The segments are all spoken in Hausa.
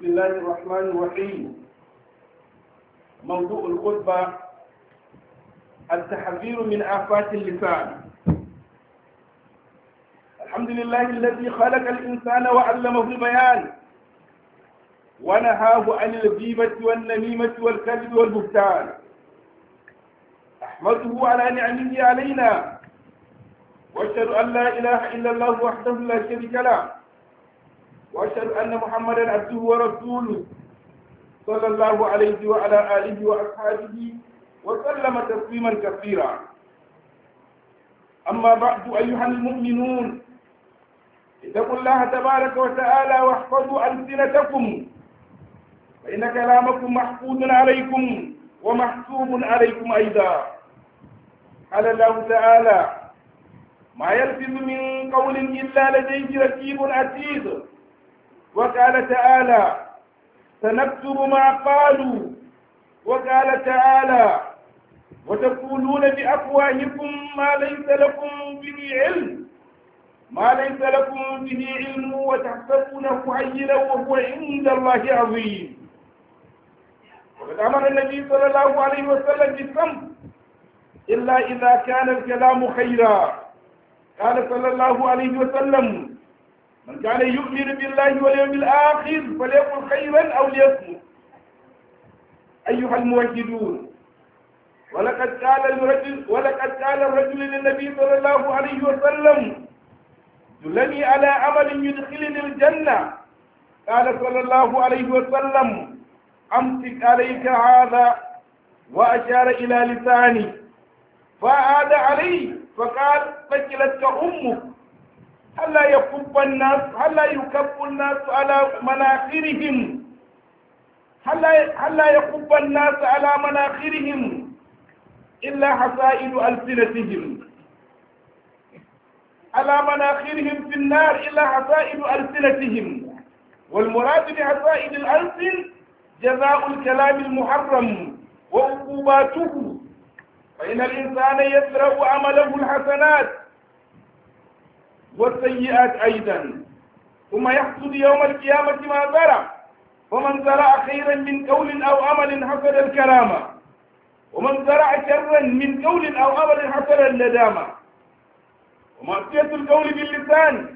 بسم الله الرحمن الرحيم موضوع الخطبة التحذير من آفات اللسان الحمد لله الذي خلق الإنسان وعلمه البيان ونهاه عن الغيبة والنميمة والكذب والبهتان أحمده على نعمه علينا وأشهد أن لا إله إلا الله وحده لا شريك له وأشهد أن محمدا عبده ورسوله صلى الله عليه وعلى آله وأصحابه وسلم تسليما كثيرا أما بعد أيها المؤمنون اتقوا الله تبارك وتعالى واحفظوا ألسنتكم فإن كلامكم محفوظ عليكم ومحسوب عليكم أيضا قال الله تعالى ما يلفظ من قول إلا لديه رقيب عتيد وقال تعالى سنكتب ما قالوا وقال تعالى وتقولون بأفواهكم ما ليس لكم به علم ما ليس لكم به علم وتحسبونه عينا وهو عند الله عظيم وقد أمر النبي صلى الله عليه وسلم بالصمت إلا إذا كان الكلام خيرا قال صلى الله عليه وسلم من كان يؤمن بالله واليوم الآخر فليقل خيرا أو ليصمت أيها الموحدون ولقد قال الرجل ولقد قال الرجل للنبي صلى الله عليه وسلم دلني على عمل يدخلني الجنة قال صلى الله عليه وسلم أمسك عليك هذا وأشار إلى لساني فعاد علي فقال فكلتك أمك ألا يكب الناس لا يكب الناس على مناخرهم ألا يكب الناس على مناخرهم إلا حسائل ألسنتهم على مناخرهم في النار إلا حسائل ألسنتهم والمراد بحسائل الألسن جزاء الكلام المحرم وعقوباته فإن الإنسان يسرع عمله الحسنات والسيئات أيضا ثم يحصد يوم القيامة ما زرع ومن زرع خيرا من قول أو عمل حصل الكرامة ومن زرع شرا من قول أو عمل حصل الندامة ومعصية القول باللسان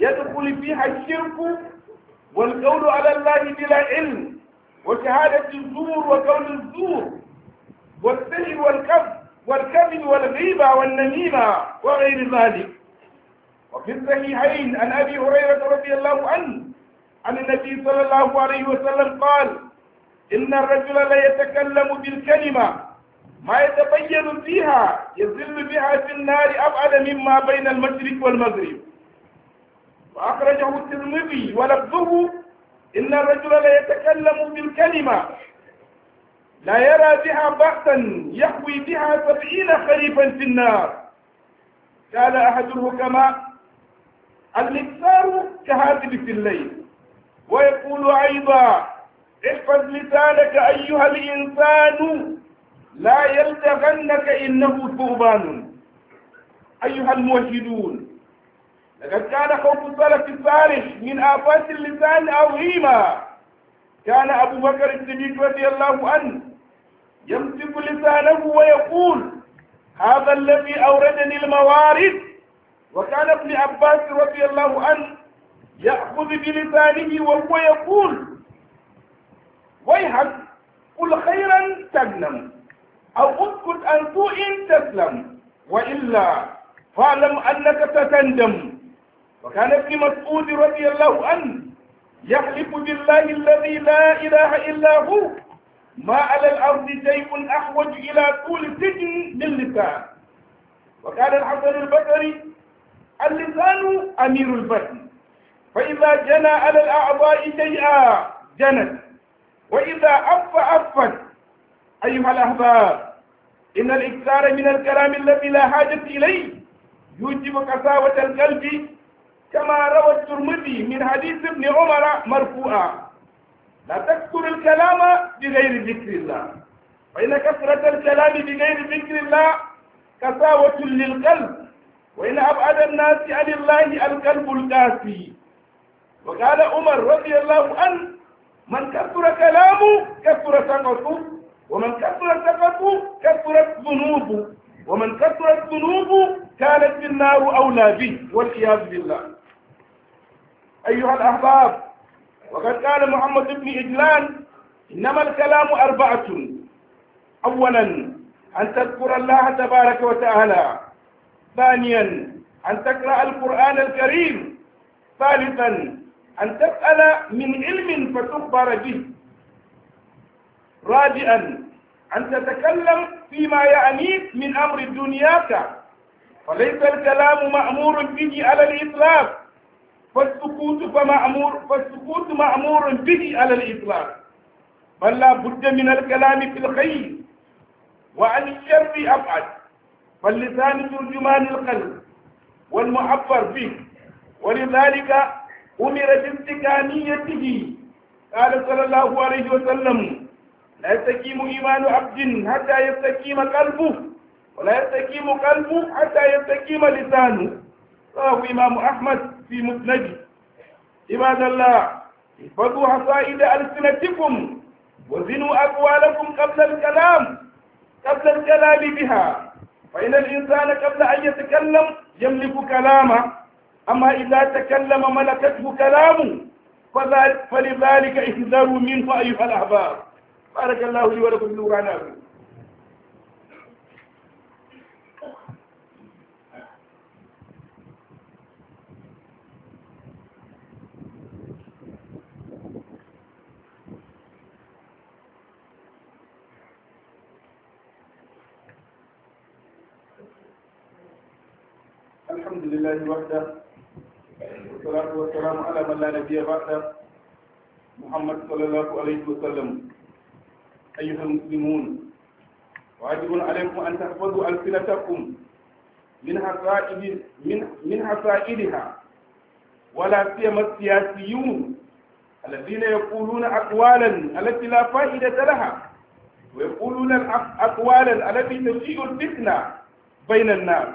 يدخل فيها الشرك والقول على الله بلا علم وشهادة الزور وقول الزور والسهر والكذب والكذب والغيبة والنميمة وغير ذلك وفي الصحيحين عن أبي هريرة رضي الله عنه عن النبي صلى الله عليه وسلم قال إن الرجل لا يتكلم بالكلمة ما يتبين فيها يزل بها في النار أبعد مما بين المشرق والمغرب وأخرجه الترمذي ولفظه إن الرجل لا يتكلم بالكلمة لا يرى بها بأسا يحوي بها سبعين خريفا في النار قال أحد الحكماء الإكثار كهاتف في الليل ويقول أيضا احفظ لسانك أيها الإنسان لا يلتغنك إنه ثوبان أيها الموحدون لقد كان خوف السلف الصالح من آفات اللسان عظيما كان أبو بكر الصديق رضي الله عنه يمسك لسانه ويقول هذا الذي أوردني الموارد وكان ابن عباس رضي الله عنه يأخذ بلسانه وهو يقول ويحك قل خيرا تغنم أو اسكت عن سوء تسلم وإلا فاعلم أنك ستندم وكان ابن مسعود رضي الله عنه يحلف بالله الذي لا إله إلا هو ما على الأرض شيء أحوج إلى طول سجن لسان وكان الحسن البصري اللسان أمير البدن فإذا جنى على الأعضاء شيئا جنت وإذا أف أفت أيها الأحباب إن الإكثار من الكلام الذي لا حاجة إليه يوجب قساوة القلب كما روى الترمذي من حديث ابن عمر مرفوعا لا تكثر الكلام بغير ذكر الله فإن كثرة الكلام بغير ذكر الله قساوة للقلب وإن أبعد الناس عن الله القلب القاسي وقال عمر رضي الله عنه من كثر كلامه كثر سقطه ومن كثر سقطه كثرت ذنوبه ومن كثرت ذنوبه كانت النار أولى به والعياذ بالله أيها الأحباب وقد قال محمد بن إجلان إنما الكلام أربعة أولا أن تذكر الله تبارك وتعالى ثانيا أن تقرأ القرآن الكريم ثالثا أن تسأل من علم فتخبر به رابعا أن تتكلم فيما يعنيك من أمر دنياك فليس الكلام مأمور به على الإطلاق فالسكوت فمأمور فالسكوت مأمور به على الإطلاق بل لا بد من الكلام في الخير وعن الشر أبعد فاللسان ترجمان القلب والمعبر فيه ولذلك أمر بامتكانيته قال صلى الله عليه وسلم لا يستقيم إيمان عبد حتى يستقيم قلبه ولا يستقيم قلبه حتى يستقيم لسانه رواه إمام أحمد في مسنده عباد الله احفظوا حصائد ألسنتكم وزنوا أقوالكم قبل الكلام قبل الكلام بها فإن الإنسان قبل أن يتكلم يملك كلامه أما إذا تكلم ملكته كلامه فلذلك احذروا منه أيها الأحباب بارك الله لي ولكم في القرآن لله وحده والصلاة والسلام على من لا نبي بعده محمد صلى الله عليه وسلم أيها المسلمون واجب عليكم أن تحفظوا ألسنتكم من حصائد من من حصائدها ولا سيما السياسيون الذين يقولون أقوالا التي لا فائدة لها ويقولون أقوالا التي تشيع الفتنة بين الناس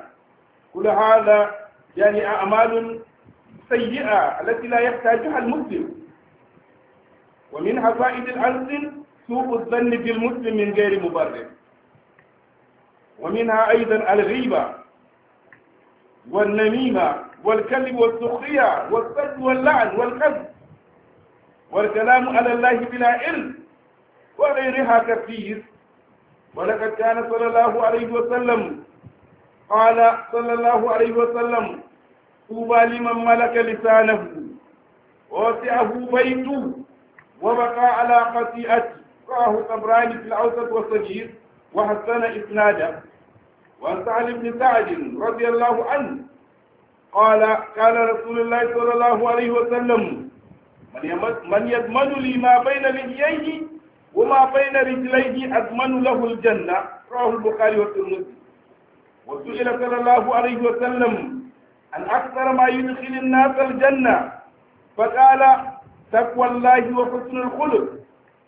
كل هذا يعني أعمال سيئة التي لا يحتاجها المسلم ومنها فائد الأنزل سوء الظن بالمسلم من غير مبرر ومنها أيضا الغيبة والنميمة والكذب والسخرية والسد واللعن والكذب والكلام على الله بلا علم وغيرها كثير ولقد كان صلى الله عليه وسلم قال صلى الله عليه وسلم طوبى لمن ملك لسانه وسعه بيته وبقى على قطيئته رواه الطبراني في الاوسط والصغير وحسن اسناده وعن سعد بن سعد رضي الله عنه قال قال رسول الله صلى الله عليه وسلم من يضمن لي ما بين لحييه وما بين رجليه أضمن له الجنة رواه البخاري والترمذي وسئل صلى الله عليه وسلم أن أكثر ما يدخل الناس الجنة فقال تقوى الله وحسن الخلق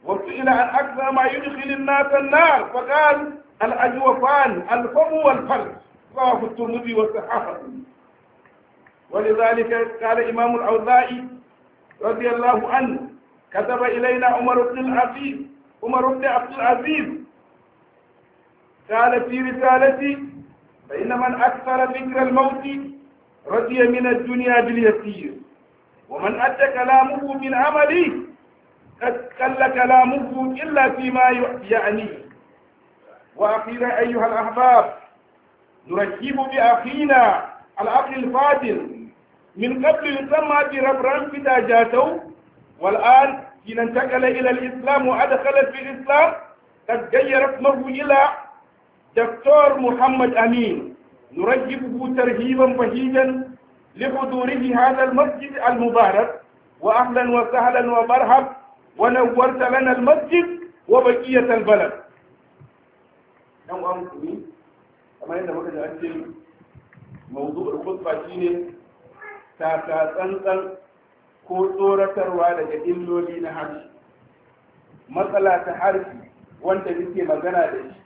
وسئل عن أكثر ما يدخل الناس النار فقال الأجوفان الفم والفرج رواه الترمذي والصحابة ولذلك قال إمام الأوزاعي رضي الله عنه كتب إلينا عمر بن العزيز عمر بن عبد العزيز قال في رسالتي فإن من أكثر ذكر الموت رضي من الدنيا باليسير ومن أدى كلامه من عملي قد قل كلامه إلا فيما يعنيه وأخيرا أيها الأحباب نرحب بأخينا الأخ الفاضل من قبل يسمى بربران في داجاته والآن حين انتقل إلى الإسلام وأدخل في الإسلام قد غير اسمه إلى دكتور محمد أمين نرجبه ترهيبا بهيجا لحضوره هذا المسجد المبارك وأهلا وسهلا ومرحب ونورت لنا المسجد وبقية البلد نعم أمسكني كما يدى مكة أجل موضوع الخطبة شيني تاتا تنتن ko tsoratarwa daga illoli na harshe matsala ta harshe wanda muke magana da shi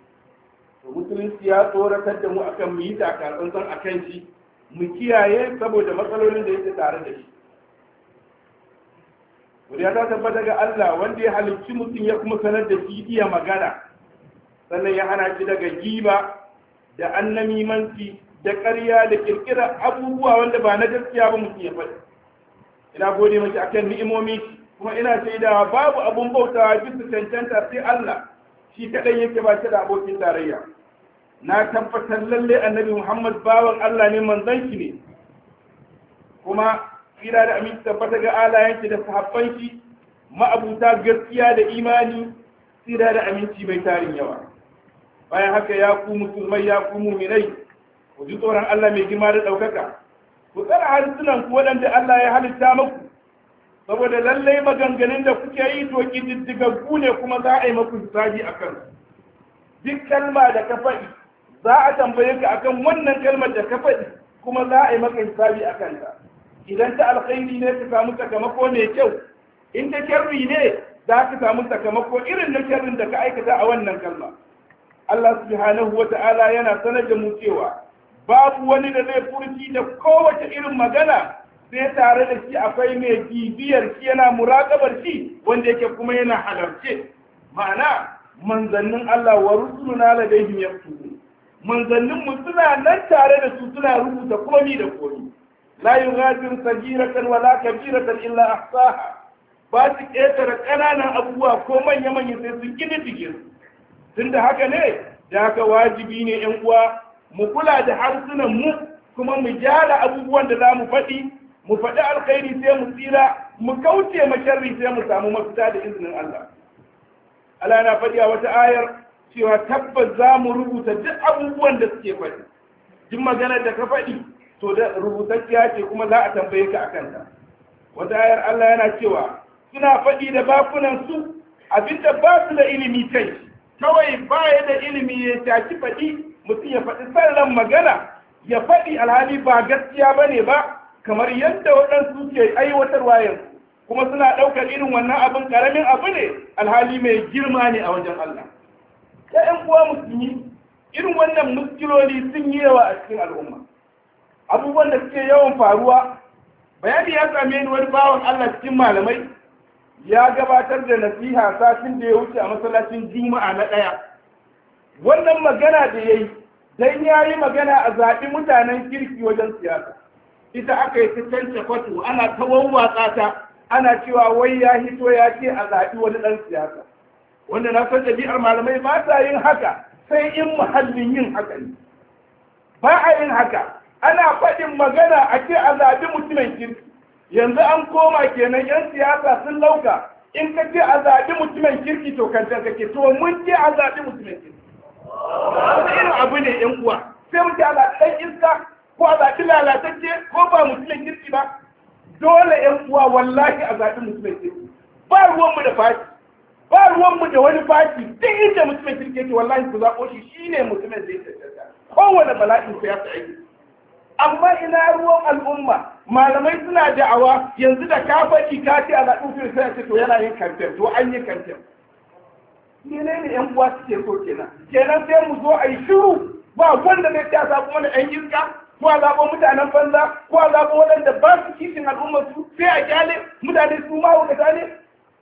to musulunci ya tsoratar da mu akan mu yi takatsantsan a kan shi mu kiyaye saboda matsalolin da yake tare da shi Kuriya ta tabbata ga Allah wanda ya halicci mutum ya kuma sanar da shi iya magana sannan ya hana shi daga giba da annamimanci da ƙarya da ƙirƙira abubuwa wanda ba na gaskiya ba mutum ya faɗi ina gode maki akan ni'imomi kuma ina shaidawa babu abun bautawa bisa cancanta sai Allah shi kaɗan yake ba shi da abokin tarayya na tabbatar lalle annabi muhammad bawan allah ne manzanki ne kuma tsira da aminci tabbata ga alayenki da sahabban shi ma'abuta gaskiya da imani tsira da aminci mai tarin yawa bayan haka ya ku musulmai ya ku muminai ku ji tsoron allah mai girma da ɗaukaka ku tsara harsunan ku waɗanda allah ya halitta muku saboda lallai maganganun da kuke yi to ku ne kuma za a yi maku hisabi a kan duk kalma da ka faɗi za a tambaye ka akan wannan kalmar da ka faɗi kuma za a yi maka hisabi a kanta idan ta alkhairi ne ka samu sakamako mai kyau in ta ne za ka samu sakamako irin na sharrin da ka aikata a wannan kalma Allah subhanahu wa ta'ala yana sanar da mu cewa babu wani da zai furci da kowace irin magana sai tare da shi akwai mai bibiyar shi yana muraƙabar shi wanda yake kuma yana halarce ma'ana manzannin Allah wa rusuluna ladaihim yaktubu manzannin mu suna nan tare da su suna rubuta komi da komi la yughadiru sagiratan wala kabiratan illa ahsaha ba su ƙetare ƙananan abubuwa ko manya-manya sai sun gini jikin tun da haka ne da haka wajibi ne 'yan uwa mu kula da harsunan mu kuma mu gyara abubuwan da za mu faɗi mu faɗi alkhairi sai mu tsira mu kauce ma sharri sai mu samu mafita da izinin Allah Allah na faɗi a wata ayar cewa tabbas za mu rubuta duk abubuwan da suke faɗi duk maganar da ka faɗi to da rubutacciya ce kuma za a tambaye ka akan ta wata ayar Allah yana cewa suna faɗi da bakunan su abinda ba su da ilimi kai kawai baya da ilimi ya tashi faɗi mutum ya faɗi sallan magana ya faɗi alhali ba gaskiya bane ba kamar yadda waɗansu ke aiwatarwa yanzu kuma suna ɗaukar irin wannan abin ƙaramin abu ne alhali mai girma ne a wajen Allah Ya'yan ƴan uwa musulmi irin wannan muskiloli sun yi yawa a cikin al'umma abubuwan da suke yawan faruwa bayani ya same ni wani bawan Allah cikin malamai ya gabatar da nasiha satin da ya wuce a masallacin juma'a na ɗaya wannan magana da ya yi don ya yi magana a zaɓi mutanen kirki wajen siyasa ita aka yi ta canza fatu ana ta wawwatsa ta ana cewa wai ya hito ya ce a zaɓi wani ɗan siyasa wanda na san ɗabi'ar malamai ba sa yin haka sai in muhallin yin haka ne ba a yin haka ana faɗin magana a ce a zaɓi mutumin kirki yanzu an koma kenan yan siyasa sun lauka in ka ce a zaɓi mutumin kirki to kan kake to mun ce a zaɓi mutumin kirki wani irin abu ne yan uwa sai mu ce a zaɓi ɗan iska ko a zaɓi lalatacce ko ba musulmin kirki ba dole yan uwa wallahi a zaɓi musulmin kirki ba ruwanmu da fati ba ruwanmu da wani fati duk inda musulmin kirki yake wallahi ku zaɓo shi shine musulmin zai tattata kowane bala'in ku ya ta aiki amma ina ruwan al'umma malamai suna da'awa yanzu da ka faɗi ka ce a zaɓi fil kirki ce to yana yin kamfen to an yi kamfen ne ƴan uwa suke so kenan kenan sai mu zo a yi shiru ba wanda zai ta sa kuma na ƴan girka? ko a zaɓo mutanen banza ko a zaɓo waɗanda ba su kishin al'ummar su sai a kyale mutane su ma wukata ne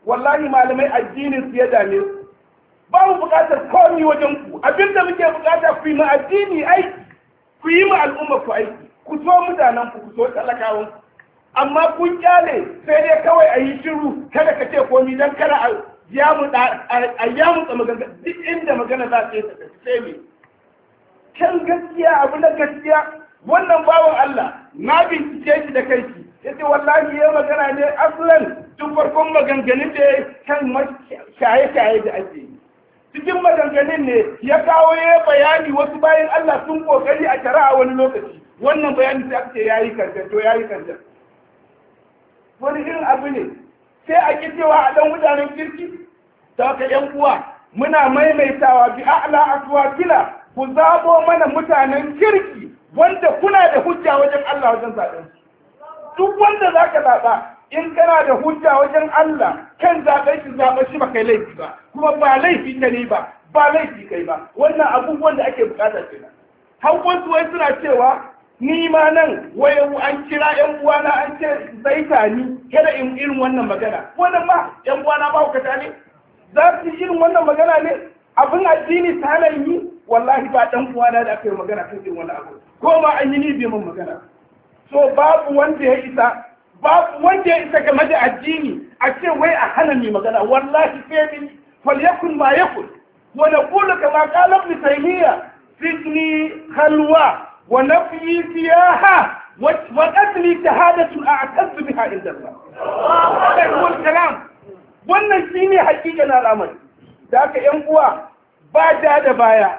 wallahi malamai addinin su ya dame su ba mu buƙatar komi wajen ku abinda muke buƙata ku yi ma addini aiki ku yi ma al'ummar ku aiki ku so mutanen ku ku so talakawan amma kun kyale sai dai kawai a yi shiru kada ka ce komi don kada a yamutsa magana duk inda magana za ta yi ta sai me kan gaskiya abu na gaskiya wannan bawan Allah na bincike shi da kai shi yace wallahi ya magana ne aslan tun farkon maganganun da kan shaye-shaye da ake yi cikin maganganun ne ya kawo ya bayani wasu bayan Allah sun kokari a shari'a wani lokaci wannan bayani sai aka ce yayi kanjar to yayi kanjar wani irin abu ne sai a cewa a dan mutanen kirki ta ka yan uwa muna maimaitawa bi a'la aswatila ku zabo mana mutanen kirki wanda kuna da hujja wajen Allah wajen zaɓen duk wanda za ka zaɓa in kana da hujja wajen Allah kan zaɓen shi zaɓen shi ba kai laifi ba kuma ba laifi ka ne ba ba laifi kai ba wannan abubuwan da ake bukata ke nan har wasu wai suna cewa ni ma nan wai an kira yan uwana an ce zaita ni kada in irin wannan magana wannan ma yan uwana ba ku ne za su yi irin wannan magana ne abin addini ta halayi wallahi ba dan uwana da aka yi magana kan irin wannan abu ko ma an yi ni bi mun magana so babu wanda ya isa babu wanda ya isa game da addini a ce wai a hana ni magana wallahi sai min falyakun ma yakun wa naqulu kama qala ibn taymiya sidni khalwa wa nafyi siyaha wa qatli tahadatu a'tazzu biha inda Allah wannan akbar wannan shine hakikan al'amari da aka yan uwa ba da da baya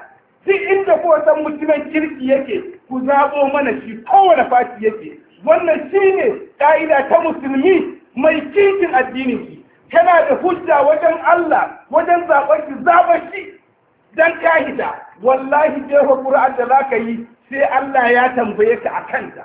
duk inda ko san mutumin kirki yake ku zaɓo mana shi kowane fati yake wannan shi ne ƙa'ida ta musulmi mai kinkin addinin ki tana da hujja wajen Allah wajen zaɓar ki zaɓar shi dan ƙa'ida wallahi jefa ƙura'ar da za ka yi sai Allah ya tambaye ka a kanta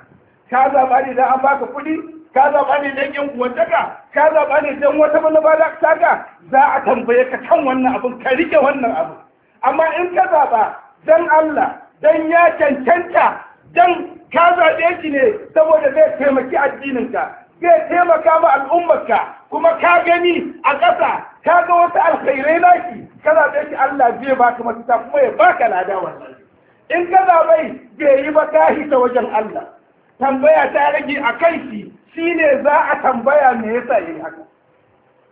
ka zaɓa ne dan an baka kuɗi ka zaɓa ne don yan uwantaka ka zaɓa ne don wata manufa da taka za a tambaye ka kan wannan abin ka riƙe wannan abin amma in ka zaɓa don Allah dan ya cancanta dan ka zaɓe shi ne saboda zai taimaki addininka zai taimaka ma al'ummarka kuma ka gani a ƙasa ka ga wasu alkhairai naki ka zaɓe shi Allah zai baka mafita kuma ya baka lada wannan in ka zaɓe bai yi ba ka hita wajen Allah tambaya ta rage a kai shi shine za a tambaya me yasa yi haka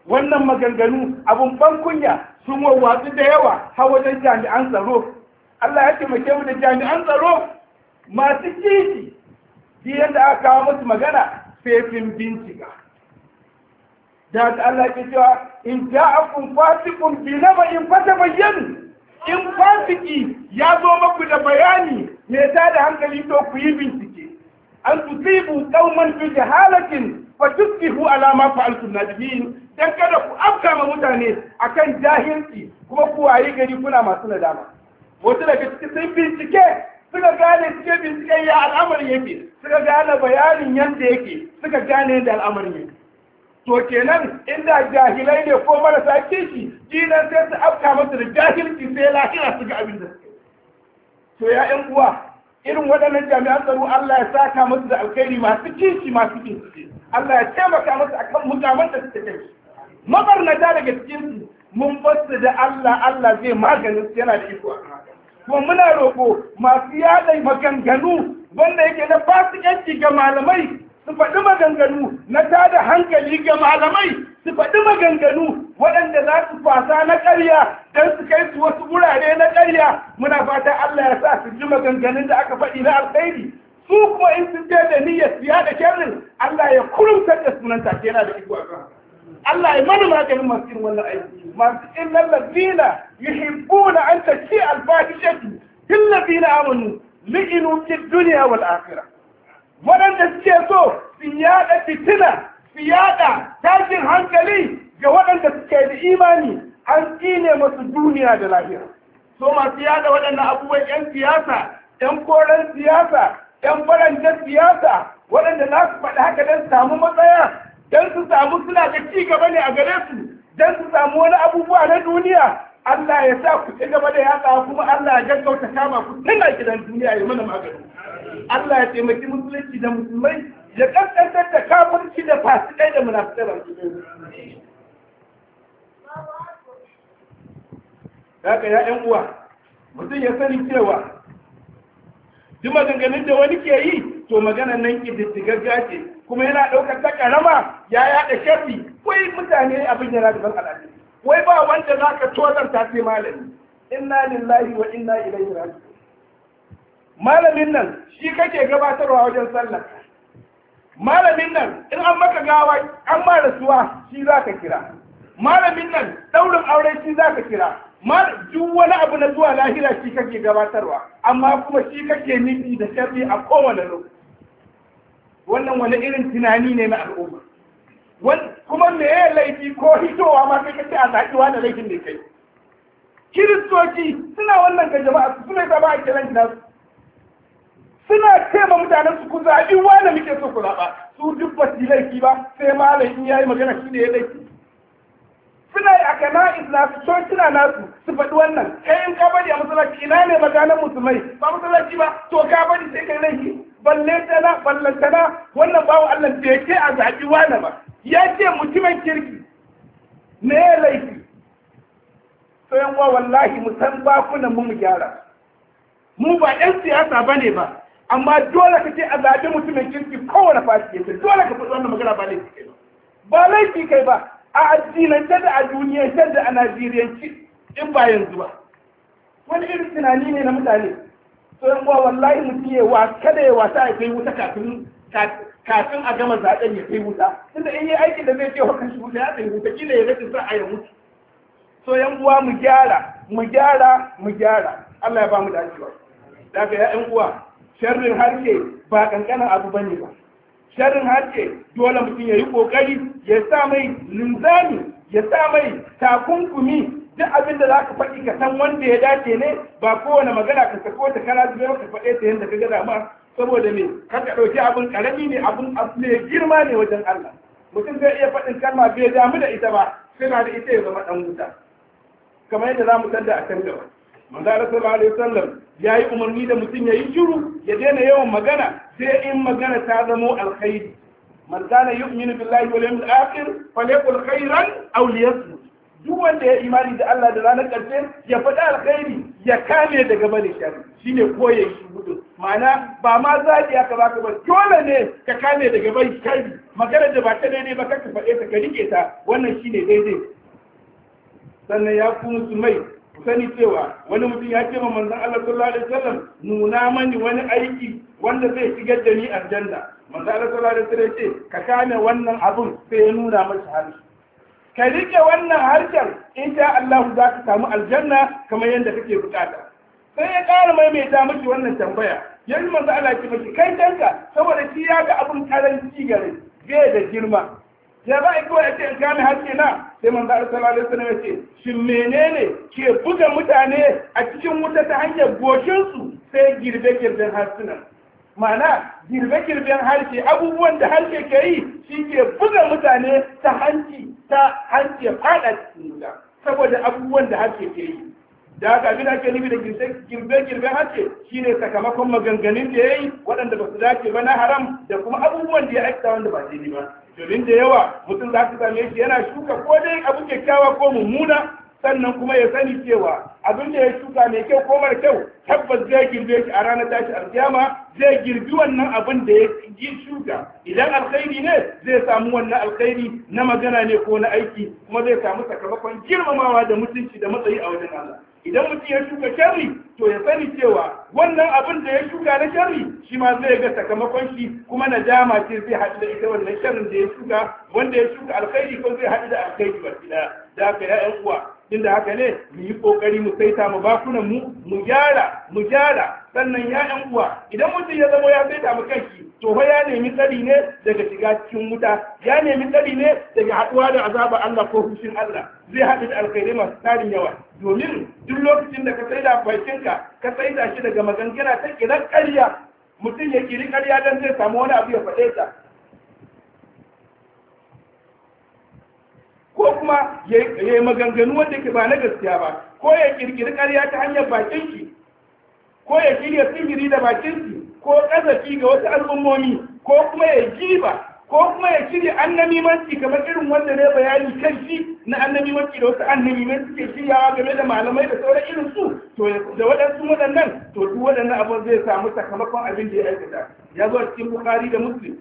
wannan maganganu abun ban kunya sun wawwatsu da yawa har wajen jami'an tsaro Allah ya taimake mu da jami'an tsaro masu kishi shi yadda aka kawo musu magana fefin bincika da Allah ke cewa in ja'akum fasiqun bi naba'in fatabayyanu in fasiki ya zo maku da bayani me ta da hankali to ku yi bincike an su fi tusibu qauman bi jahalatin fa tusbihu ala ma fa'altum nadimin dan kada ku afka ma mutane akan jahilci kuma ku wayi gari kuna masu nadama wasu daga cikin sun bincike suka gane suke binciken ya al'amarin yake suka gane bayanin yadda yake suka gane yadda al'amarin yake to kenan inda jahilai ne ko marasa kishi jinan sai su afka masu da jahilci sai lahira su ga abin da to ya yan uwa irin waɗannan jami'an tsaro Allah ya saka masu da alkhairi masu kishi masu bincike Allah ya taimaka masu akan mukaman da suke kai mabarnata daga cikin su mun fassa da Allah Allah zai maganin su yana da iko kuma muna roƙo masu yaɗa maganganu wanda yake na fasikanci ga malamai su faɗi maganganu na tada hankali ga malamai su faɗi maganganu waɗanda za su kwasa na ƙarya don su kai su wasu wurare na ƙarya muna fata Allah ya sa su ji maganganun da aka faɗi na alkhairi su kuma in sun je da niyyar siya da sharrin Allah ya kurumtar da sunan take yana da iko a kan Allah ya mana maganin masu yin wannan aiki masu illan labina yuhibbuna an tashi alfahishatu fil labina amanu li'inu fid dunya wal waɗanda suke so su yaɗa fitina su yaɗa tashin hankali ga waɗanda suke da imani an tsine masu duniya da lahira so masu yaɗa waɗannan abubuwan 'yan siyasa 'yan koren siyasa 'yan farantar siyasa waɗanda na su faɗi haka don samu matsaya don su samu suna da ci gaba ne a gare su don su samu wani abubuwa na duniya Allah ya sa ku ci gaba da yatsa kuma Allah ya gaggauta kama ku tun a gidan duniya ya mana magani Allah ya taimaki musulunci da musulmai ya kaskantar da kafirci da fasikai da munafikai da musulmai ya ya uwa mutum ya sani cewa duk maganganun da wani ke yi to magana nan ƙididdigagga ce kuma yana daukar ta karama ya yaɗa sharri wai mutane abin yana da ban al'adu wai ba wanda za ka ta sai malami inna lillahi wa inna ilaihi raji'un malamin nan shi kake gabatarwa wajen sallah malamin nan in an maka gawa an ma rasuwa shi za ka kira malamin nan daurin aure shi za ka kira duk wani abu na zuwa lahira shi kake gabatarwa amma kuma shi kake nufi da sharri a kowane lokaci wannan wani irin tunani ne na al'umma kuma me ya laifi ko hitowa ma kai kace a zakiwa da laifin da kai kiristoci suna wannan ga jama'a su suna zama a kiran su suna taimaka mutanen su ku zaɓi wani muke so ku zaɓa su duk ba su laifi ba sai malam in yayi magana shi ne ya laifi suna yi a kana'is nasu coci suna nasu su faɗi wannan kai in ka bari a masallaci ina ne maganan musulmai ba masallaci ba to ka bari sai kai laifi balle tana ballan tana wannan bawo Allah da yake a zabi wani ba ya ce mutumin kirki ne ya laifi to yan wa wallahi mu san bakunan mu mu gyara mu ba ɗan siyasa bane ba amma dole ka ce a zabi mutumin kirki kowane fashi yake dole ka faɗi wannan magana ba laifi kai ba laifi kai ba a addinance da a duniyance da a najeriyanci in ba yanzu ba wani irin tunani ne na mutane so kuwa wallahi mutum ya wa kada ya wasa ya kai wuta kafin a gama zaɓen ya kai wuta tunda in yi aikin da zai ce wa shi wuta ya kai wuta kila ya rashin sa'a ya mutu so yan uwa mu gyara mu gyara mu gyara Allah ya ba mu dacewa daga ya yan uwa sharrin harshe ba kankanin abu ba ne ba sharrin harshe dole mutum ya yi kokari ya sa mai linzami ya sa mai takunkumi duk abin da za ka faɗi ka san wanda ya dace ne ba kowane magana ka sako ta kana zube ka faɗe ta yadda ka gada ma saboda me ka ka ɗauki abin ƙarami ne abin mai girma ne wajen Allah mutum zai iya faɗin kalma bai damu da ita ba suna da ita ya zama ɗan wuta kamar yadda za mu san da a can gaba manzo sallallahu alaihi wasallam ya yi umarni da mutum ya yi shiru ya daina yawan magana sai in magana ta zamo alkhairi man kana yu'minu billahi wal yawmil akhir falyaqul khairan aw liyasmut duk wanda ya imani da Allah da ranar ƙarshe ya faɗi alkhairi ya kame daga bane shari Shi ne ya yi gudu ma'ana ba ma zaɓi aka baka ba dole ne ka kame daga bane shari maganar da ba ta daidai ba kaka faɗe ta ka rike ta wannan shi ne daidai sannan ya ku mai ku sani cewa wani mutum ya ce ma manzon Allah sallallahu alaihi wasallam nuna mani wani aiki wanda zai shigar da ni aljanna manzon Allah sallallahu alaihi wasallam ya ce ka kame wannan abun sai ya nuna masa hannu ka rike wannan harshen in sha Allah za ka samu aljanna kamar yadda kake bukata sai ya ƙara maimaita miki wannan tambaya yanzu manzo Allah ki miki kai danka saboda shi ya ga abun karanci gare bai da girma ya za a yi ce gane in harshe na sai manzo Allah sallallahu alaihi wasallam ya ce shin menene ke buga mutane a cikin wuta ta hanyar goshin sai girbe girben harsunan ma'ana girbe-girben harshe abubuwan da harshe ke yi shi ke buga mutane ta hanci ta hanci fada cikin saboda abubuwan da harshe ke yi da aka abin ake nufi da girbe-girben harshe ne sakamakon maganganun da ya yi waɗanda ba su dace ba na haram da kuma abubuwan da ya aikata wanda ba daidai ba domin da yawa mutum za su same shi yana shuka ko dai abu kyakkyawa ko mummuna sannan kuma ya sani cewa abin da ya shuka mai kyau ko mara kyau tabbas zai girbe shi a ranar tashi alkiyama zai girbi wannan abin da ya yi shuka idan alkhairi ne zai samu wannan alkhairi na magana ne ko na aiki kuma zai samu sakamakon girmamawa da mutunci da matsayi a wajen Allah idan mutum ya shuka sharri to ya sani cewa wannan abin da ya shuka na sharri shi ma zai ga sakamakon shi kuma nadama ce zai haɗu da ita wannan sharrin da ya shuka wanda ya shuka alkhairi ko zai haɗu da alkhairi ba da haka ya'yan uwa inda haka ne mu yi kokari mu saita mu bakunan mu mu gyara mu gyara sannan ya yan uwa idan mutum ya zama ya saita mu kanki to fa ya nemi tsari ne daga shiga cikin wuta ya nemi tsari ne daga haɗuwa da azaba Allah ko fushin Allah zai haɗu da alkhairi masu tarin yawa domin duk lokacin da ka saida bakinka ka da shi daga magangana ta kiran ƙarya mutum ya kiri ƙarya don zai samu wani abu ya faɗe ta ko kuma ya yi maganganu wanda ke ba na gaskiya ba ko ya kirkiri karya ta hanyar bakin ko ya shirya sihiri da bakin ko kazafi ga wasu al'ummomi ko kuma ya giba ko kuma ya shirya manci kamar irin wanda ne bayani kan shi na manci da wasu mai suke shiryawa game da malamai da sauran irin su to da waɗansu waɗannan to duk waɗannan abin zai samu sakamakon abin da ya aikata ya zo cikin bukari da muslim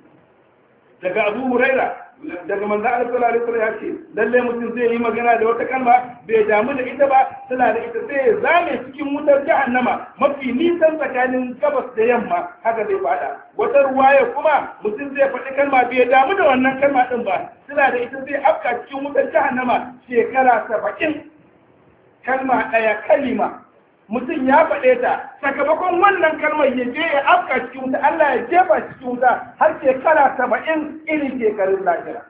daga abu huraira daga manzo Allah sallallahu alaihi wasallam ya ce lalle mutum zai yi magana da wata kalma bai damu da ita ba tana da ita sai ya zame cikin wutar jahannama mafi nisan tsakanin gabas da yamma haka zai fada wata ruwaya kuma mutum zai faɗi kalma bai damu da wannan kalma ɗin ba tana da ita zai afka cikin wutar jahannama shekara saba'in kalma ɗaya kalima mutum ya faɗe ta sakamakon wannan kalmar ya je ya afka cikin wuta Allah ya jefa cikin wuta har shekara saba'in irin shekarun lafiya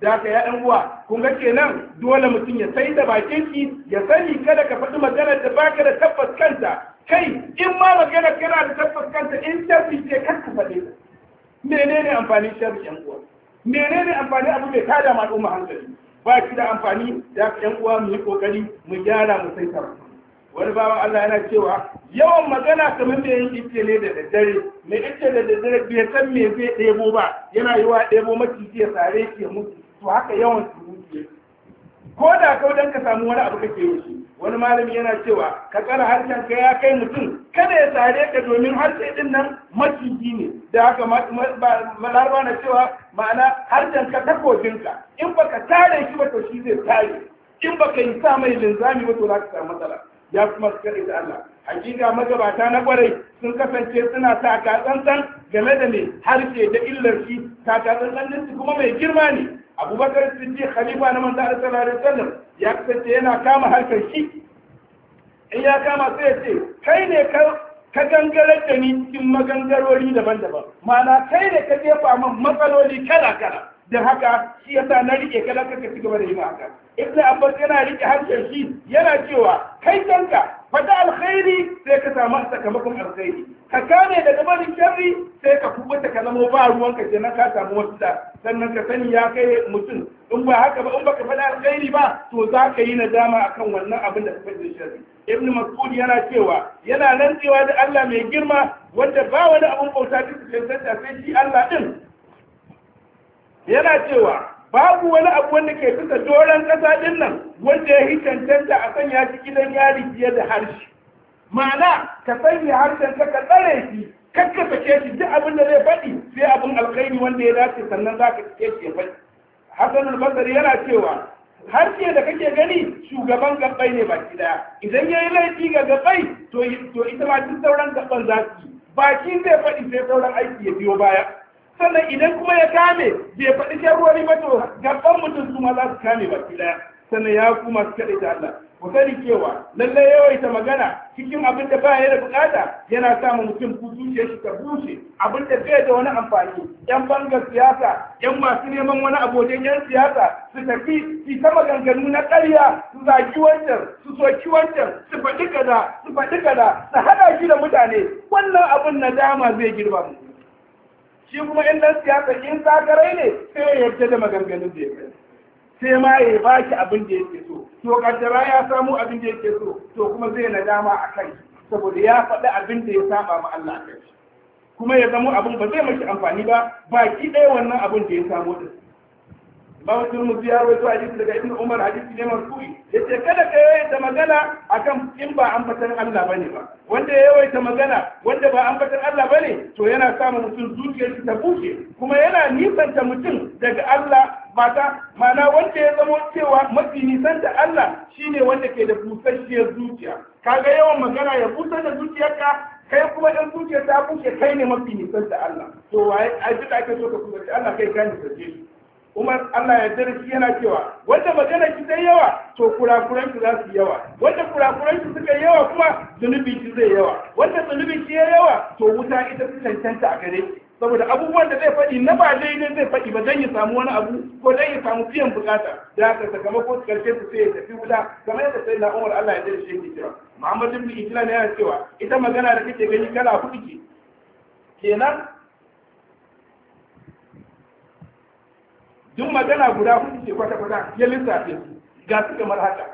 da ka ya'yan uwa kun ga kenan dole mutum ya sai da bakin ki ya sani kada ka faɗi maganar da baka da tabbas kanta kai in ma magana kana da tabbas kanta in sharri ce kar ka faɗe ta menene amfani sharri yan uwa menene amfani abu mai tada ma al'umma hankali ba shi da amfani da yan uwa mu yi kokari mu gyara mu sai ta wani bawan Allah yana cewa yawan magana kamar da yin ice ne da daddare mai ice da daddare bai san me zai ɗebo ba yana yi wa ɗebo maciji ya sare ke mutu to haka yawan su ya ko da kau dan ka samu wani abu kake yi wani malami yana cewa ka tsara harshen ka ya kai mutum kada ya sare ka domin harshe din nan maciji ne da haka malarba na cewa ma'ana harshen ka ka. in baka tare shi ba to shi zai tare in baka yi sa mai linzami ba to za ka samu matsala ya kuma tsare da Allah hakika magabata na kwarai sun kasance suna taka tsantsan game da me harshe da illar shi ka tsantsan su kuma mai girma ne abubakar siddiq khalifa na manzo Allah sallallahu alaihi wasallam ya kasance yana kama harkar shi in ya kama sai ya ce kai ne ka ka gangarar da ni cikin magangarori daban-daban ma'ana kai ne ka jefa min matsaloli kala-kala don haka shi yasa na rike kala ka ci gaba da yin haka ibn abbas yana rike harshen shi yana cewa kai kanka fata alkhairi sai ka samu sakamakon alkhairi ka kame daga barin sharri sai ka kubuta ka zama ba ruwanka kenan ka samu mafita sannan ka sani ya kai mutum in ba haka ba in baka faɗa alkhairi ba to za ka yi nadama akan wannan abin da ka faɗi sharri ibn mas'ud yana cewa yana rantsewa da Allah mai girma wanda ba wani abun bauta duk da sai shi Allah din yana cewa babu wani abu wanda ke fita doron ƙasa ɗin nan wanda ya cancanta a sanya shi gidan yari fiye da harshe ma'ana ka sanya harshen ka tsare shi kakka sake shi duk abin da zai faɗi sai abin alkhairi wanda ya dace sannan za ka sake shi ya faɗi hasan al yana cewa harshe da kake gani shugaban gabbai ne baki daya idan yayi laifi ga gabbai to to ita ma duk sauran gabban za su yi baki zai faɗi sai sauran aiki ya biyo baya sannan idan kuma ya kame bai faɗi sharrori ba to gaban mutum su ma za su kame baki daya sannan ya kuma su kaɗai da Allah ku sani cewa lallai yawaita magana cikin abin da baya da bukata yana sa mutum ku zuciya shi ta bushe abin da bai da wani amfani yan banga siyasa yan masu neman wani abokin yan siyasa su tafi su ta ganganu na ƙarya su zaki wancan su soki wancan su faɗi kaza su faɗi kaza su haɗa shi da mutane wannan abin dama zai girma mutum shi kuma in dan siyasa in sakarai ne sai ya yarda da maganganun da ya kai sai ma ya ba shi abin da yake so to kaddara ya samu abin da yake so to kuma zai nadama a kai saboda ya faɗi abin da ya saba ma Allah a kai kuma ya zamo abin ba zai mashi amfani ba baki ɗaya wannan abin da ya samu su. bawan turmuzi ya rawaito hadisi daga ibnu umar hadisi ne marfu'i yace kada ka yawaita magana akan in ba ambatan Allah bane ba wanda ya yawaita magana wanda ba ambatan Allah bane to yana samu mutum zuciyarsa ta bushe kuma yana nisanta mutum daga Allah mata mana wanda ya zama cewa mafi nisan da Allah shine wanda ke da busasshiyar zuciya kaga yawan magana ya busar da zuciyarka kai kuma 'yan zuciyar ta bushe kai ne mafi nisan da Allah to waye ai duk ake so ka kusanci Allah kai ka nisance shi Umar Allah ya darasi yana cewa wanda magana ki zai yawa to kurakuran ki za su yawa wanda kurakuran ki suka yawa kuma zunubin ki zai yawa wanda zunubin ki ya yawa to wuta ita ta cancanta a gare saboda abubuwan da zai faɗi na ba daidai zai faɗi ba dan ya samu wani abu ko dan ya samu biyan bukata da haka sakamako karshe su sai ya tafi wuta kamar yadda sai na Umar Allah ya darasi yake cewa muhammadu ibn na yana cewa ita magana da kake gani kala kuɗi ke kenan duk magana guda hudu ke kwata-kwata ya lissafe su ga su kamar haka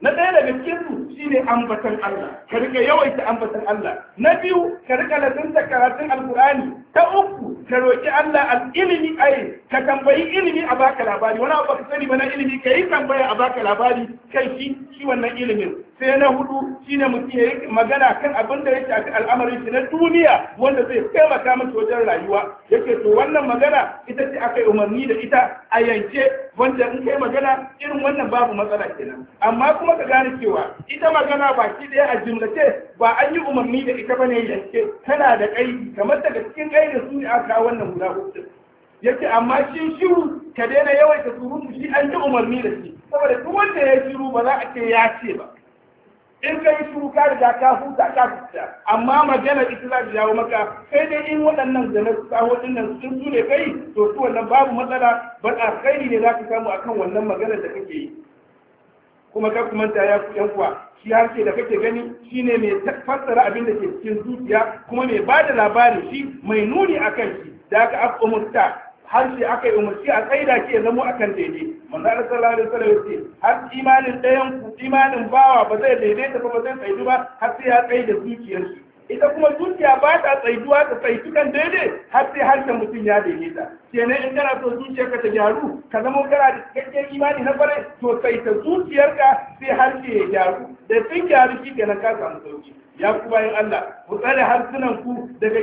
na ɗaya daga cikin su shine ambatan Allah ka rika yawaita ambatan Allah na biyu ka rika lazanta karatun alkur'ani ta uku ka roƙi Allah al ilimi ai ka tambayi ilimi a baka labari wani abu ka sani bana ilimi ka yi tambaya a baka labari kai shi shi wannan ilimin sai na hudu shine mutum ya yi magana kan abin da ya shafi al'amarin shi na duniya wanda zai taimaka masa wajen rayuwa yake to wannan magana ita ce aka yi umarni da ita a yanke wanda in kai magana irin wannan babu matsala kenan amma kuma ka gane cewa ita magana ba da ɗaya a jimlace ba an yi umarni da ita bane yanke tana da kai kamar daga cikin kai da su ne aka kawo wannan guda uku yace amma shi shiru ka daina yawaita surutu shi an ji umarni da shi saboda duk wanda ya shiru ba za a ce ya ce ba in ka shiru ka riga ka huta ka fita amma magana ita za ta jawo maka sai dai in waɗannan da na saho din nan sun su kai to su wannan babu matsala ba kai ne za ka samu akan wannan maganar da kake yi kuma ka ku manta ya yan kuwa shi harshe da kake gani shi ne mai fassara abin da ke cikin zuciya kuma mai ba da labarin shi mai nuni akan shi da aka aka umurta harshe aka yi umarci a tsaida ke zamo akan daidai manzo Allah sallallahu alaihi wasallam yace har imanin ɗayan ku imanin bawa ba zai daidaita ba zai tsaidu ba har sai ya tsaida da zuciyarsu. ita kuma zuciya ba ta tsaiduwa ta tsaitu kan daidai har sai har da mutum ya daidaita kenan in kana so zuciyarka ta gyaru ka zama kana da cikakken imani na kwarai to tsaita zuciyarka sai har ya gyaru da sun gyaru shi kenan ka samu sauki ya ku bayan Allah ku tsare harsunan ku daga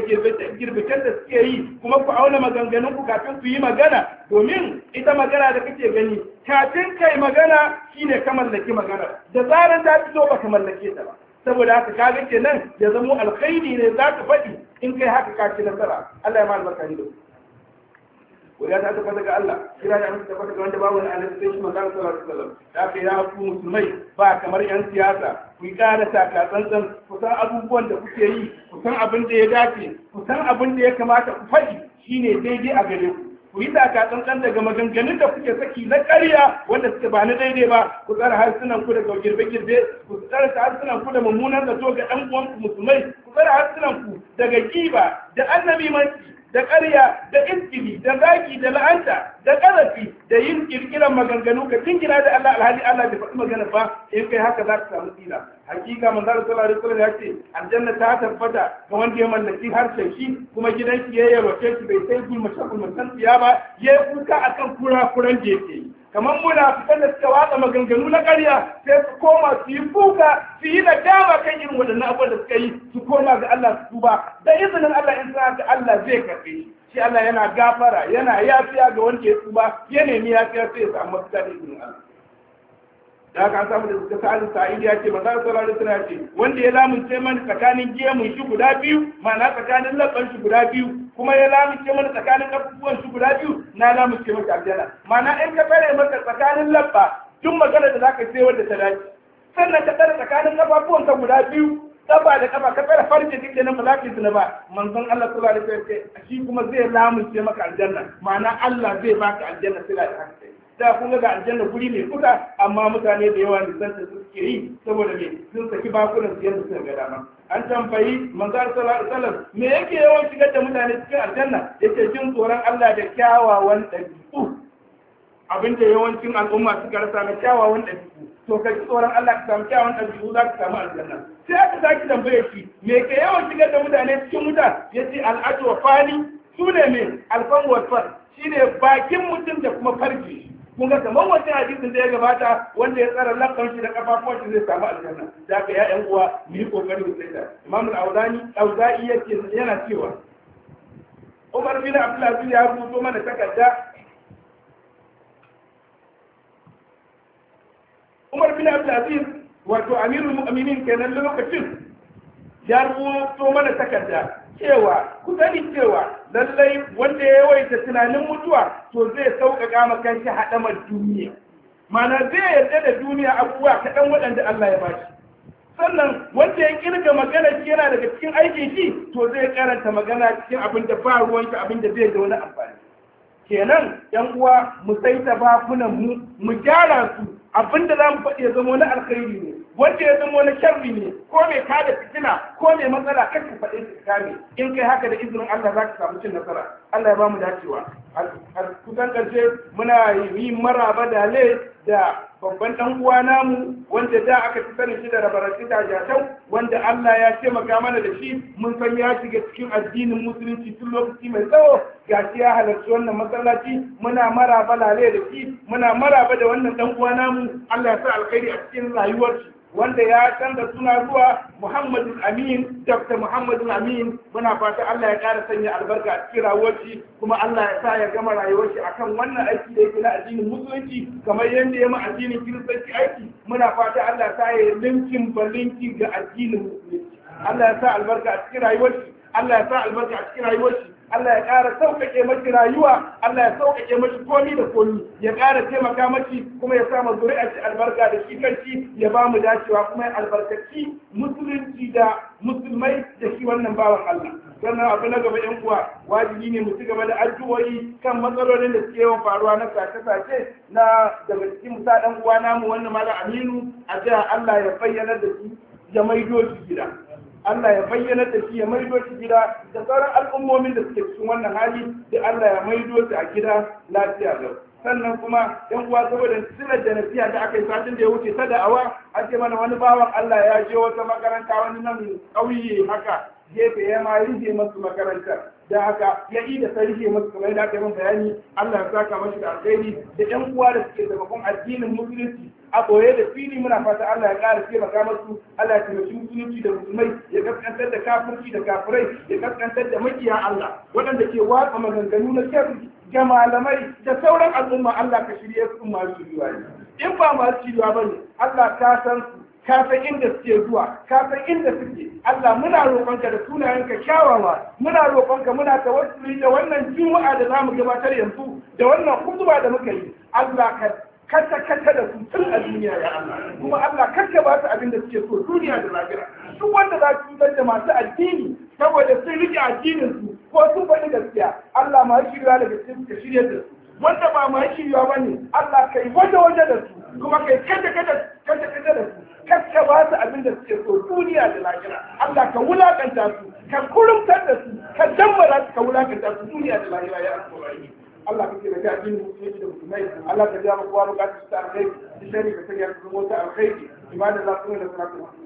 girbicen da suke yi kuma ku auna maganganun ku kafin ku yi magana domin ita magana da kake gani kafin kai magana shine ka mallaki magana da zarar ta fito baka mallake ta ba saboda haka kaga kenan ya zamo alkhairi ne za ka faɗi in kai haka ka ci nasara Allah ya ma albarka ni da ku ta tabbata daga Allah kira ya amince tabbata daga wanda babu wani annabi sai shi manzo sallallahu alaihi wasallam da ka ya ku musulmai ba kamar yan siyasa ku yi kada taka tsantsan ku san abubuwan da kuke yi ku san abin da ya dace ku san abin da ya kamata ku faɗi shine daidai a gare ku ku yi taka tsantsan daga maganganun da kuke saki na ƙarya wanda suke ba na daidai ba ku tsara harsunan ku daga girbe-girbe ku tsara harsunan ku da mummunan zato ga ɗan uwanku musulmai ku tsara harsunan ku daga kiba da annabi manci da ƙarya da iskili da zaki da la'anta da ƙarafi da yin ƙirƙirar maganganu ka jingina da Allah alhali Allah da faɗi magana ba in kai haka za ka samu tsira hakika za Allah sallallahu alaihi wasallam ya ce aljanna ta tabbata ga wanda ya mallaki harshen shi kuma gidan shi ya yarwace shi bai sai gulma shakul mutan tsiya ba yi kuka akan kura kuran da yake kamar muna fitar da suka watsa maganganu na karya sai su koma su yi kuka su yi na dama kan irin waɗannan abubuwan da suka yi su koma ga Allah su ba da izinin Allah in sa ta Allah zai karɓe shi Allah yana gafara yana yafiya ga wanda ya tuba ya nemi yafiya sai ya samu mafita da izinin Allah da aka samu da suka sa'adu sa'idu ya ce za su alaihi suna ce wanda ya lamunce mana tsakanin gemun shi guda biyu ma'ana tsakanin labban shi guda biyu kuma ya lamunce mana tsakanin abubuwan shi guda biyu na lamunce maka aljanna ma'ana in ka fere maka tsakanin labba tun magana da zaka ce wanda ta dace sannan ka tare tsakanin abubuwan ka guda biyu kafa da kafa ka fere farce duk da nan ba za ka zina ba manzon Allah sallallahu alaihi wasallam shi kuma zai lamunce maka aljanna ma'ana Allah zai baka aljanna sai da haka da kun ga aljanna guri mai kuka amma mutane da yawa nisanta su suke yi saboda me sun saki bakunan su yadda suka ga dama an tambayi manzar sallallahu alaihi wasallam me yake yawan shigar da mutane cikin aljanna yake jin tsoron Allah da kyawawan dabi'u abinda yawancin al'umma suka rasa na kyawawan dabi'u to ka ji tsoron Allah ka samu kyawawan dabi'u za ka samu aljanna sai aka saki tambaye shi me ke yawan shigar da mutane cikin muta ya ce al'adu wa fali mai alfan wa shi ne bakin mutum da kuma farji kun ga kamar wancan hadisin da ya gabata wanda ya tsara lakan shi da kafafuwan shi zai samu aljanna da ka ya yan uwa mu yi kokari mu tsaya imam al-auzani auzai yake yana cewa Umar bin Abdulaziz ya rubuto mana takarda Umar bin Abdulaziz wato Amirul Mu'minin kenan lokacin ya rubuto mana takarda cewa ku sani cewa lallai wanda ya yawaita tunanin mutuwa to zai sauƙaƙa makan shi haɗamar duniya mana zai yarda da duniya abubuwa kaɗan waɗanda Allah ya bashi sannan wanda ya ƙirga magana shi yana daga cikin aikin shi to zai karanta magana cikin abin da ba ruwan shi abin da zai da wani amfani kenan yan uwa mu saita bafunan mu mu gyara su abin da zamu faɗi ya zama wani alkhairi ne wanda ya zama wani sharri ne ko mai kada fitina ko mai matsala kan ka faɗe su kame in kai haka da izinin Allah za ka samu cin nasara Allah ya ba mu dacewa kusan ƙarshe muna yi maraba da lai da babban dan uwa namu wanda da aka fi sanin shi da rabarasi da jatau wanda Allah ya taimaka mana da shi mun san ya shiga cikin addinin musulunci tun lokaci mai tsawo ga shi ya halarci wannan masallaci muna maraba lale da shi muna maraba da wannan dan uwa namu Allah ya sa alkhairi a cikin rayuwar wanda ya canza suna zuwa Muhammadu Amin, Dr. Muhammadu Amin, muna fata Allah ya ƙara sanya albarka a cikin rayuwarci kuma Allah ya sa ya gama rayuwarci akan wannan aiki da yake na addinin Musulunci kamar yadda ya ma addinin Kiristanci aiki, muna fata Allah ya sa ya linkin ga addinin Musulunci. Allah ya sa albarka a cikin rayuwarci, Allah ya sa albarka a cikin rayuwarci. Allah ya ƙara sauƙaƙe mashi rayuwa Allah ya sauƙaƙe mashi komi da komi ya ƙara taimaka mashi kuma ya sama a shi albarka da shi kanci ya ba mu dacewa kuma ya albarkaci musulunci da musulmai da shi wannan bawan Allah sannan abu na gaba ƴan uwa wajibi ne mu ci gaba da addu'o'i kan matsalolin da suke yawan faruwa na sace-sace na daga cikin sa ɗan uwa namu wannan malam Aminu a jiha Allah ya bayyana da shi ya maido shi gida Allah ya bayyana da shi ya maido shi gida da sauran al'ummomin da suke cikin wannan hali da Allah ya maido shi a gida lafiya lau sannan kuma yan uwa saboda silar da nasiya da aka yi satin da ya wuce ta da'awa a ce mana wani bawan Allah ya je wata makaranta wani nan ƙauye haka gefe ya ma rufe masu makarantar da haka ya yi da sarfe masu kamar yadda aka yi bayani Allah ya saka mashi da alkhairi da ƴan uwa da suke da taimakon addinin musulunci a koye da fili muna fata Allah ya ƙara maka masu Allah ya taimaki musulunci da musulmai ya kaskantar da kafirci da kafirai ya kaskantar da makiya Allah waɗanda ke watsa maganganu na sharri ga malamai da sauran al'umma Allah ka shirye su masu shiriwa in ba masu shiriwa ba Allah ka san su ka san inda suke zuwa ka san inda suke Allah muna roƙonka da sunayenka kyawawa muna roƙonka muna tawassuli da wannan juma'a da zamu gabatar yanzu da wannan kutuba da muka yi Allah ka kata kata da su tun a duniya ya Allah kuma Allah kaka ba su abin da suke so duniya da lafiya duk wanda za su yi da masu addini saboda sun riƙe addinin su ko sun faɗi gaskiya Allah ma shirya daga cikin ka shirya da su wanda ba ma shirya ne Allah ka yi waje waje da su kuma ka yi kata kata kada ka da su kakka ba su abin da suke so duniya da lahira Allah ka wulakanta su ka kurumtar da su ka dammara su ka wulakanta su duniya da lahira ya alƙur'ani Allah kake da gajin musulmi da musulmai Allah ka ja mu kowa bukatar su ta alkhairi da shari'a ka sanya su zama ta alkhairi ibadallah sunan da sunan